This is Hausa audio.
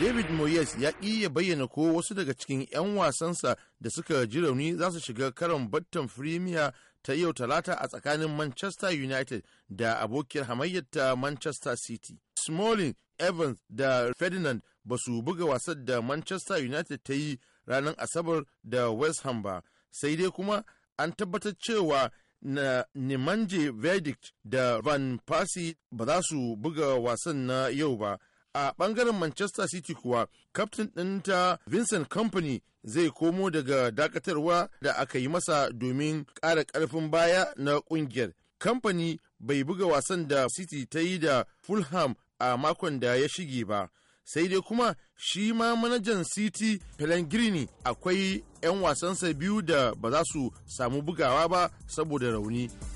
David Moyes ya ƙi ya bayyana ko wasu daga cikin 'yan wasansa da suka ji rauni za su shiga karon battan Premier ta yau talata a tsakanin Manchester United da abokiyar hamayyar ta Manchester City. Smalling, Evans da Ferdinand ba su buga wasan da Manchester United ta yi ranar Asabar da West Ham ba, sai dai kuma an tabbatar cewa na Nemanje Verdict da Van Persie ba za su buga wasan na yau ba. a bangaren manchester city kuwa kaftin ɗinta vincent company zai komo daga dakatarwa da aka yi masa domin ƙara ƙarfin baya na ƙungiyar kamfani bai buga wasan da city ta yi da fulham a makon da ya shige ba sai dai kuma shi ma manajan city pellegrini akwai 'yan wasansa biyu da ba za su samu bugawa ba saboda rauni